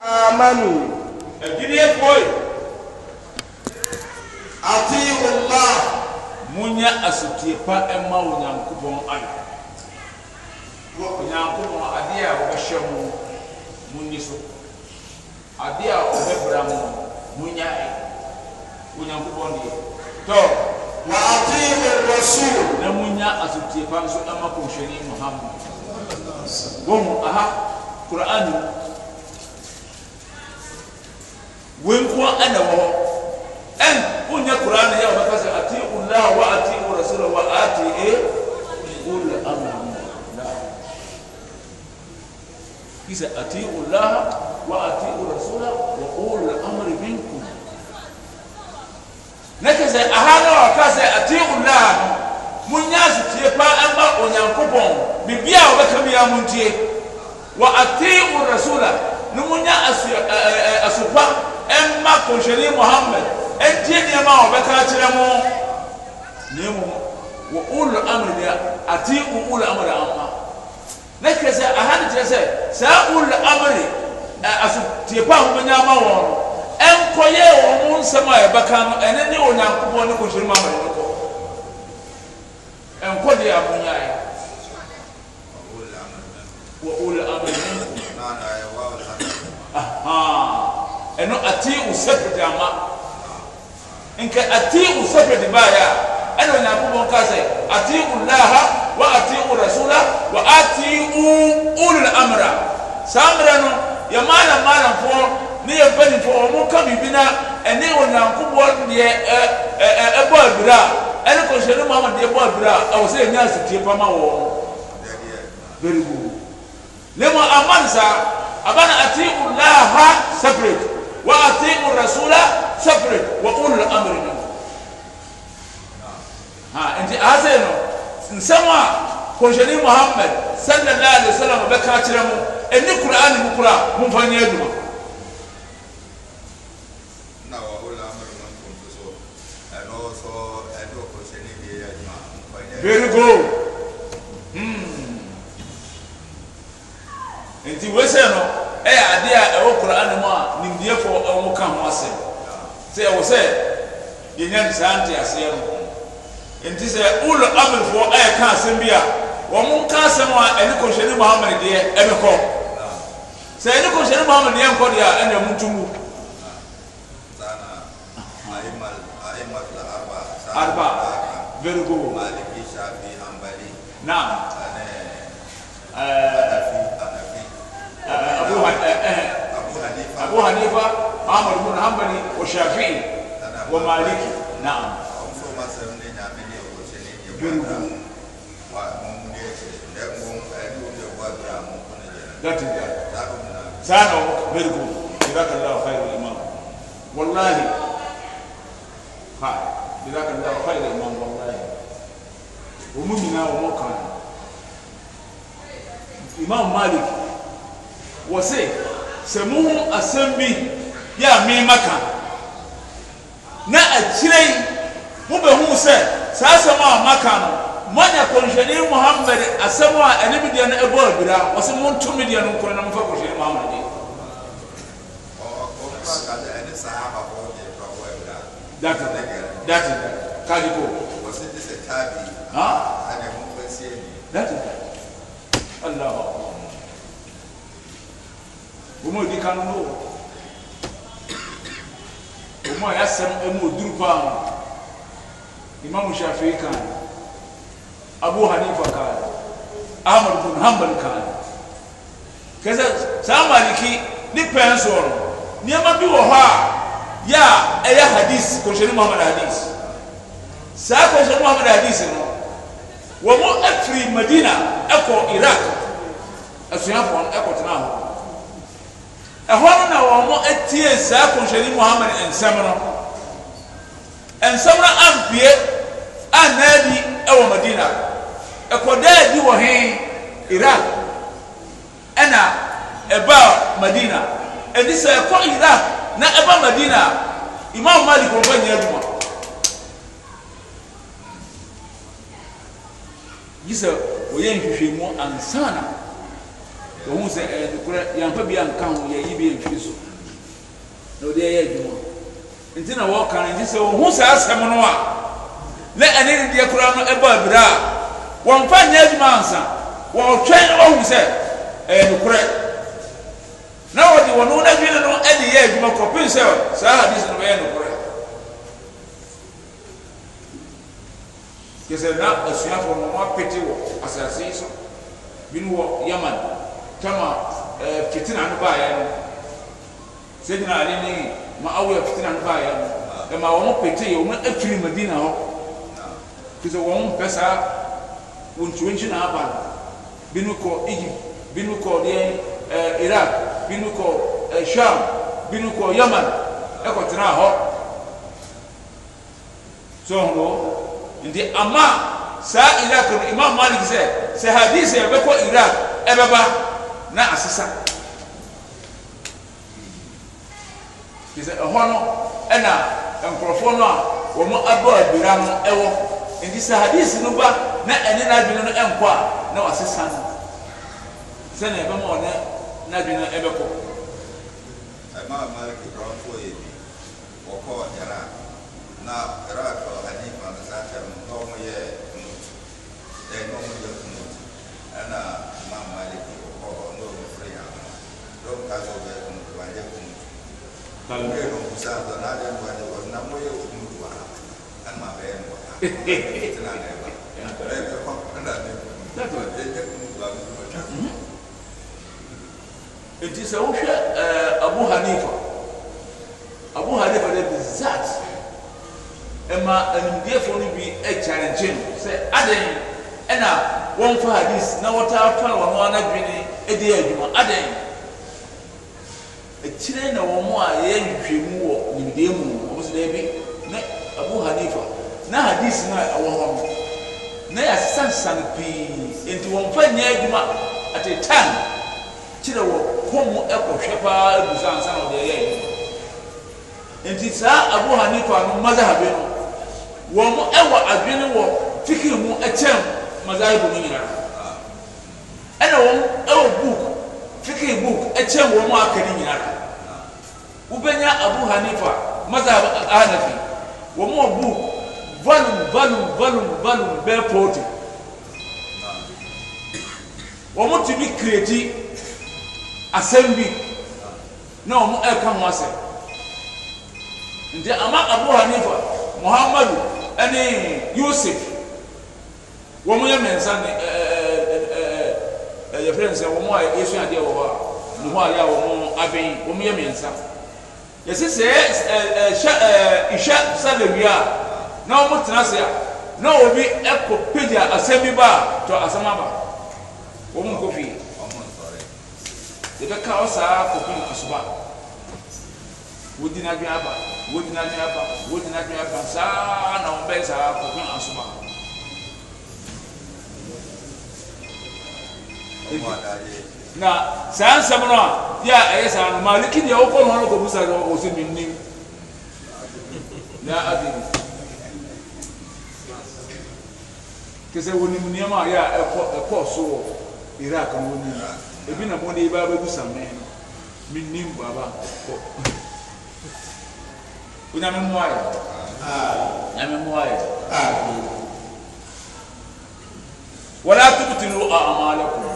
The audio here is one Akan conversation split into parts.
asuta maunyankb anb ada shmu munsu ad rammy nykbnmuy asutasu ma kmsheni muham h quran h ال a aa mia ɛma kɔnhwɛni muhammed ɛgye nneɛma a ɔbɛka akyerɛ mo na emu wɔ ulu amadi ati wɔ ulu amadi ama ne kyerɛ sɛ aha ne kyerɛ sɛ saa ulu amadi aso tie pa ahomanya ama wɔn ɛnkɔyɛ wɔn mo nsɛm a ɛbɛka no ɛne ne onyankopɔn ne kɔnhwɛni muhammed no kɔ ɛnkɔ deɛ abonya yɛ wɔ ulu amadi ɛno ati usafiri ama nka ati usafiri baayɛ a ɛna onyankopɔn ka sɛ ati ulaha wa ati urasula wa ati ulul amra saa mmerɛ no yɛ maana maanafoɔ ne yɛ mpanimfoɔ wɔn ka biribi na ɛne onyankopɔn deɛ ɛ ɛ ɛbɔ abira ɛne kɔhyɛne muhammad deɛ bɔ abira ɛwɔ sɛ ɛnya asetie pama wɔn very good ne mu amansa abana ati ulaha separate. واطيعوا الرسول سفرد وقول الامر منكم ها انت ازينو نسمع كونجلي محمد صلى الله عليه وسلم بكاترمو اني قران مقرا من فاني ادما Very good. Hmm. Nti wese no, ɛyɛ adea ɛwɔ kuraa ne mua niidiɛ fɔ ɛwɔ mukan mu asɛ sɛ wɔ sɛ yenyɛ santi asɛɛ m inti sɛ ul amil fɔ ɛyɛ ka sɛnbia wɔ mu ka asɛm wa ɛne kɔhyɛni muhamad dɛ ɛmɛ kɔ sɛ ɛne kɔhyɛni muhamad dɛ nkɔ dea ɛnda mutuaba v na أبو حنيفة أحمد بن حنبل وشافعي ومالكي نعم سانو برغو جزاك الله خير الإمام والله جزاك الله خير الإمام والله ومؤمنا وموقعنا إمام مالك وسيف sɛ mohu asɛm bi yɛ a mema ka na akyire yi mobɛhu sɛ saa asɛm a maka no moanya kɔnhwɛne mohamad asɛm a ɛne me deɛ no ɛbɔ abira wɔ sɛ monto me deɛ no nkɔno na momfa kɔnhwɛne mohamad deɛ dati dati kaadi ko. dati. wɔn a odi kan no wɔ wɔn a yɛasɛm mu oduru paa no imam shafi kan abu hanifa kan ahmad bin hanbal kan kɛsɛ saa maliki ne pɛn soɔ no nneɛma bi wɔ hɔ a yɛ a ɛyɛ hadis kɔnhyɛni muhammad hadis saa kɔnhyɛni muhammad hadis no wɔn afiri e madina ɛkɔ e iraq asuafoɔ e no ɛkɔtena hɔ ɛhɔ no na wɔn atie saa kɔnhyɛni muhammed nsɛm no nsɛm no ampie a naadi ɛwɔ madina ɛkɔdaa di wɔ he iraq ɛna ɛbaa madina ɛdi sɛ ɛkɔ iraq na ɛba madina imam malik wɔn bɛnyɛ adwuma yi sɛ wɔyɛ nhwehwɛmu ansana ohun sɛ ɛyɛ eh, nokorɛ yɛmpa bi anka ho yɛyi bi antwi so na ɔde ɛyɛ adwuma nti na wɔka no nti sɛ ohun saa asɛm no a na ɛne dedeɛ koraa no ɛbɔ abira a wɔmfa nyɛ adwuma ansa wɔtwɛn ɔhu sɛ ɛyɛ eh, nokorɛ na wɔde wɔn ho n'adwene no ɛde yɛ adwuma kɔpem sɛ saa hadisi no ɛyɛ nokorɛ kyɛ sɛ na asuafoɔ no wɔn apete wɔ asase so bi no wɔ yaman kama ɛɛ eh, fitina no baayɛ no sɛgyina ale ne ma awoyɛ fitina no baayɛ no ɛma ah. wɔn petee wɔn afiri madina hɔ kisɛ wɔn pɛ saa wɔntuwɔnkyi na aba no binom kɔ egypt binom kɔ deɛ eh, ɛɛ iraq binom kɔ ɛɛ eh, sham binom kɔ yaman ɛkɔtena hɔ sɔhɔn nti ama saa iraq no imam malik sɛ sɛ hadisi ɛbɛkɔ iraq ɛbɛba na asesa te sɛ ɛhɔ no ɛna nkurɔfoɔ no a wɔn abɔ abira no ɛwɔ nti sɛ hadisi no ba na ɛne n'adwene no ɛnkɔ a na wɔasesa no sɛnea ɛbɛma ɔne n'adwene no ɛbɛkɔ ɛmaa malik brɔnfoɔ yɛ bi wɔkɔɔ iraq na iraq hanifa no sa kyɛ no na wɔyɛ no ɛna wɔyɛ dɔw ka sɔrɔ bɛ kuntubanjɛ kuntu n'u ye nɔnkusa dɔnna kuntubanjɛ kɔnɔ na mun ye kuntu wa alima bɛɛ ye mɔgɔ ta i tɛna n'a ye ba bɛɛ bɛ kɔn ka na ne kun e ne kuntu ba mi bɛ ta. nti sɛ abu hanifa abu hanifa de bi zaat ɛma animdiefoɔ no bi ɛkyɛnkyɛn sɛ adan ɛna wɔn fa hadis na wɔtaa fa wɔn ho anadwene ɛdi yɛ adwuma adan. kyerɛ na wɔn a yɛ nhwehwɛmu wɔ nimdeɛ mu wɔn nso bi na abu hanifa na hadisi na ɛwɔ hɔ no na yɛasansan pii nti wɔn mfa nyɛ adwuma a kyerɛ wɔ kɔn mu ɛkɔhwɛ paa egu sa ansa na ɔde nti saa abu hanifa no mazahabi no wɔn ɛwɔ wɔ mu ɛkyɛn mazahabi no nyinaa ɛna wɔn ɛwɔ book tiki book ɛkyɛn wɔn a aka ne nyinaa. wobɛnya abu hanifa mazhab hanafi wɔn mu abu valum valum valum valum bɛɛ pɔɔtu wɔn mu tumi na wɔn ɛka ho asɛm nti ama abu hanifa muhammadu ɛne yusuf wɔn mu yɛ mɛnsa ne ɛɛ ɛɛ yɛfrɛ nsɛm wɔn mu a yɛsua adeɛ wɔ hɔ a ne ho ayɛ a wɔn abɛn wɔn mu yɛ mɛnsa. yɛsi sɛ ɛɛ ɛhyɛ ɛɛ ihyɛ sɛbɛbi a na wɔn tena se a na obi ɛkɔ pagya asɛm bi ba a tɔ asɛm aba wɔn nkɔ fie yɛbɛka ɔsaa kɔkɔ nkusuba wodi n'adwene aba wodi n'adwene aba wodi n'adwene aba saa na wɔn bɛyɛ saa kɔkɔ asuba. Ebi na saa nsɛm no a yɛ a ɛyɛ eh, saa no maaliki deɛ wokɔ no hɔ kɔbu sa no wɔ sɛ mennim na ade te sɛ wɔnim nneɛma a yɛ eh, a ɛkɔ eh, ɛkɔ so wɔ iraq no wɔnim ebi na mɔde yi baa bɛbu sa no mennim baba kɔ onyame mmoa yɛ nyame mmoa yɛ wala tubtilu a'malakum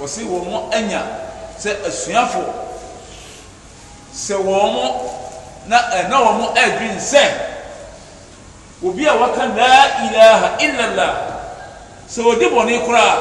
wɔsi wɔn mo anya sɛ asuafo sɛ wɔn mo na ɛna eh, wɔn mo ɛdwin sɛ obi a waka laa ilaha ilala sɛ wɔde bɔnne koraa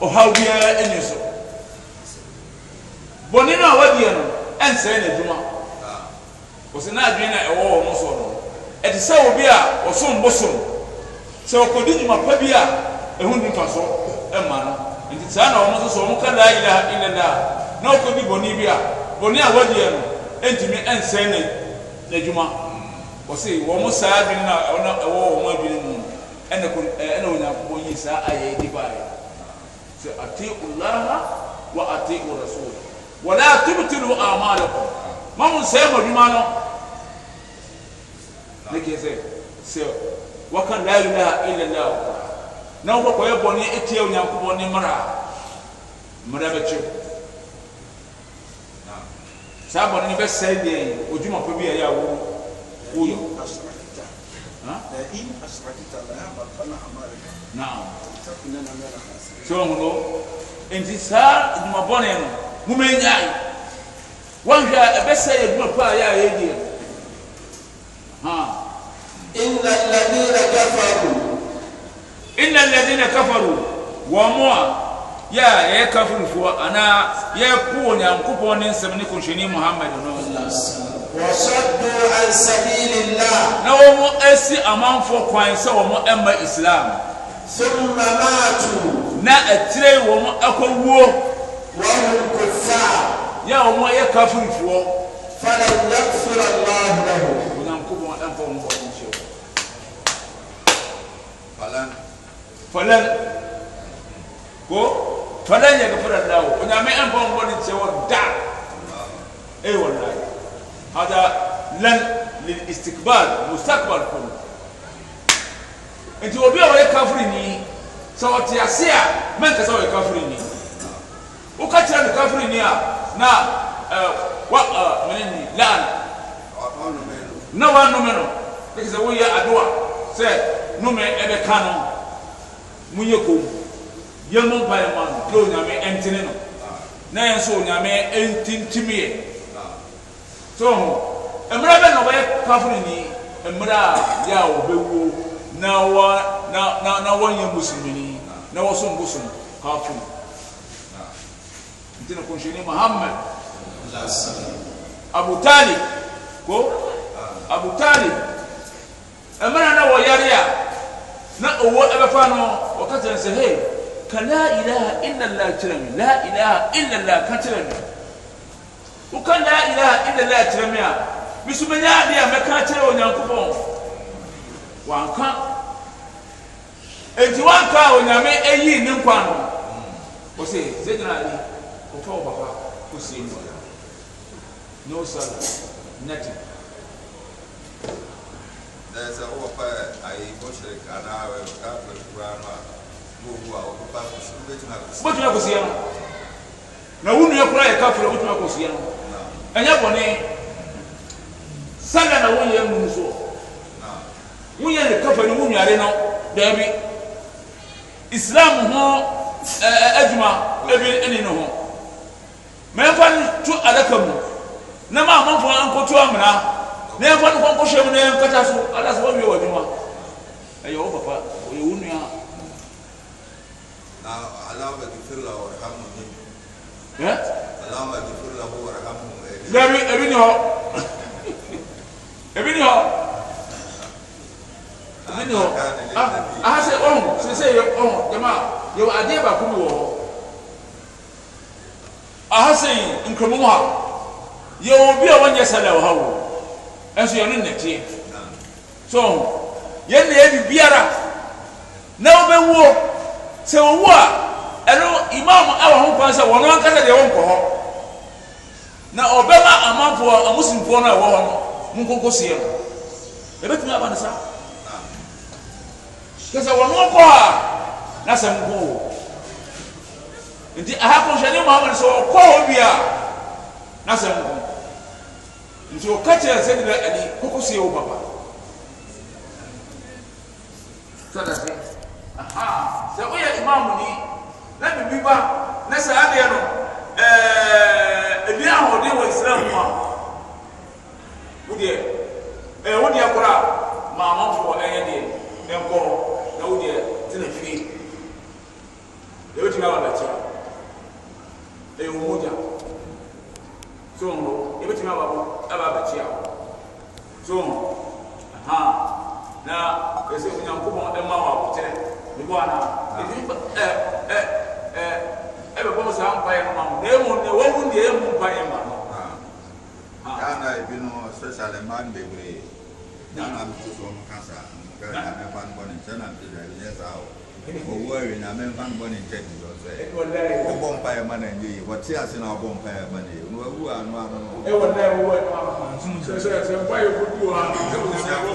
ɔhaw biara ɛnyɛ so bɔnne no a wadeɛ no ɛnsɛn n'adwuma wɔsi n'adwin na ɛwɔ wɔn so no ɛte sɛ obi a ɔsom bosom sɛ ɔkɔdi dwuma pa bi a ɛho nifa so ɛma e no nti saa na wɔn nso so wɔn ka laa ilaha illallah na ɔkɔ di bɔnni bi a bɔnni a wɔadiɛ no ntumi nsɛn ne n'adwuma wɔsi wɔn saa bi na ɛwɔ wɔn adwene mu ɛna ko ɛna wɔn akokɔ yi saa ayɛ di baa yɛ sɛ ati olaha wa ati orasul wɔlɛ atibitiru amaale kɔ ma wɔn nsɛn mo adwuma no ne kɛ sɛ sɛ wɔka laa ilaha illallah na wɔkɔ kɔyɛ bɔne etia onyankopɔn ne mmara mmara bɛkyɛ na saa bɔne no bɛsɛe deɛ odwuma pɛ bi a ɛyɛ a wo woyɛ sɛ ɔhu no nti saa adwuma bɔne no momɛnyae woahwɛ a ɛbɛsɛe adwuma pɛ a ɛyɛ a ɛyɛ deɛ إن الذين كفروا inne laina kafaru wɔmɔ a yɛ yɛ kafirifoɔ anaa yɛko onyankopɔn ne nsɛm ne kuhyɛni muhamad no na wɔmo asi amanfoɔ kwan sɛ wɔmo ɛmma islam na ɛtirei wɔmɔ akɔwo ka yɛ wɔm yɛ kafirifoɔ yankpɔɛɔ falan ko falan ya gafara lawo onyame ampa mbo ni tse wo da eh wallahi hada lan lil istiqbal mustaqbal kun enti obi a wɔyɛ kafiri ni sɛ ɔte ase a mɛnka sɛ ɔyɛ kafiri ni woka kyerɛ no kafiri ni a na e, wa e, mene ni laana na wanome no ɛkɛ sɛ woyɛ adoa sɛ nome ɛbɛka no munyɛ komu yɛmu ba yɛ ma no kuro nyame ɛntene no na yɛn nso nyame ɛntintimi yɛ so mmerɛ bɛ na wɔyɛ kafiri ni mmerɛ a yɛ a wɔbɛwuo na wɔ na na na wɔnyɛ musumini na wɔso musom kafiri ntina kɔnhyɛni muhammad abutali ko abutali mmerɛ na wɔyare a na owó ɛbɛfa no ɔka kyerɛ sɛ hei ka la ilaha illallah kyerɛ me la ilaha illallah ka kyerɛ me woka la ilaha illallah kyerɛ me a meso mɛnya adeɛ a mɛka kyerɛ onyankopɔn wanka enti wanka a onyame ɛyii ne nkwa no wɔ sɛ sɛgyina ali kɔfa wo papa kɔsie mu no sala nothing na sɛ wowɔpa ayi mɔhyere anaa kakura no a na ɔwu a wɔbɛpa wobɛtumi akɔsia wobɛtumi akɔsia no na wo nnua koraa yɛ kafiri a wobɛtumi akɔsia no ɛnyɛ bɔne sɛda na woyɛ mu soɔ não ne kafa no wo nuare no daabi islam ho adwuma ebi ɛni ne ho mɛmfa no to adaka mu na ma amanfoɔ ankɔto amena na yɛn kɔni kɔnkɔ hyɛ mu na yɛn kata so ala sɛ wɔn yɛ wɔ adwuma ɛyɛ wɔ papa ɔyɛ wo nua. na alama gifir la wɔ rahamu ni. ɛ. alama gifir la wɔ rahamu ni. dabi ebi ni hɔ ebi ni hɔ ebi ni hɔ aha se ɔn sese yɛ ɔn jama yɛ wɔ adeɛ baako bi wɔ hɔ aha sɛ yi ha yɛ bi a wɔnyɛ sɛ lɛ wɔ ha wɔ ɛnso yɛn no nɛteɛ so yɛn na yɛ biara. na wobɛwuo sɛ wowu a ɛno imam a wɔ ho kwan sɛ wɔn ankasa deɛ wɔnkɔ hɔ na ɔbɛma amanfoɔ amusinfoɔ no a ɛwɔ hɔ no mu nkonko seɛ no ɛbɛtumi aba ne saa kɛ sɛ wɔn nkɔ a na sɛ nko wɔ nti aha kɔnhyɛne muhammad sɛ wɔkɔ hɔ bi a na sɛ nti ɔka kyerɛ sɛ nina ani koko sɛ wo papa sɛdase aha sɛ woyɛ imam ni na bibi ba na saa adeɛ no ɛbi ahoɔden wɔ islam mu a wodeɛ wodeɛ koraa maamanfoɔ ɛyɛ deɛ ɛnkɔ sɛ e na mede daabi nyɛ saa o owó ɛwɛ nyame mfa no bɔ ne nkyɛ di sɛ e wobɔ e mpaeɛ ma na ɛnyɛ yi wɔte ase na wobɔ mpaeɛ ma na ɛyɛ no wawu ano ano nobusuafoɔ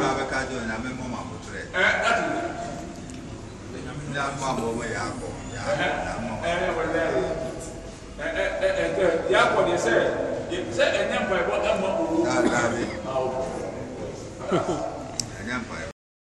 no abɛka gye o nyame mmɔ ma kotorɛ nyamfo abɔ ma yɛakɔ yɛakɔ deɛ sɛ sɛ ɛnyɛ mpaebɔ ama owuɛnyɛ mpaebɔ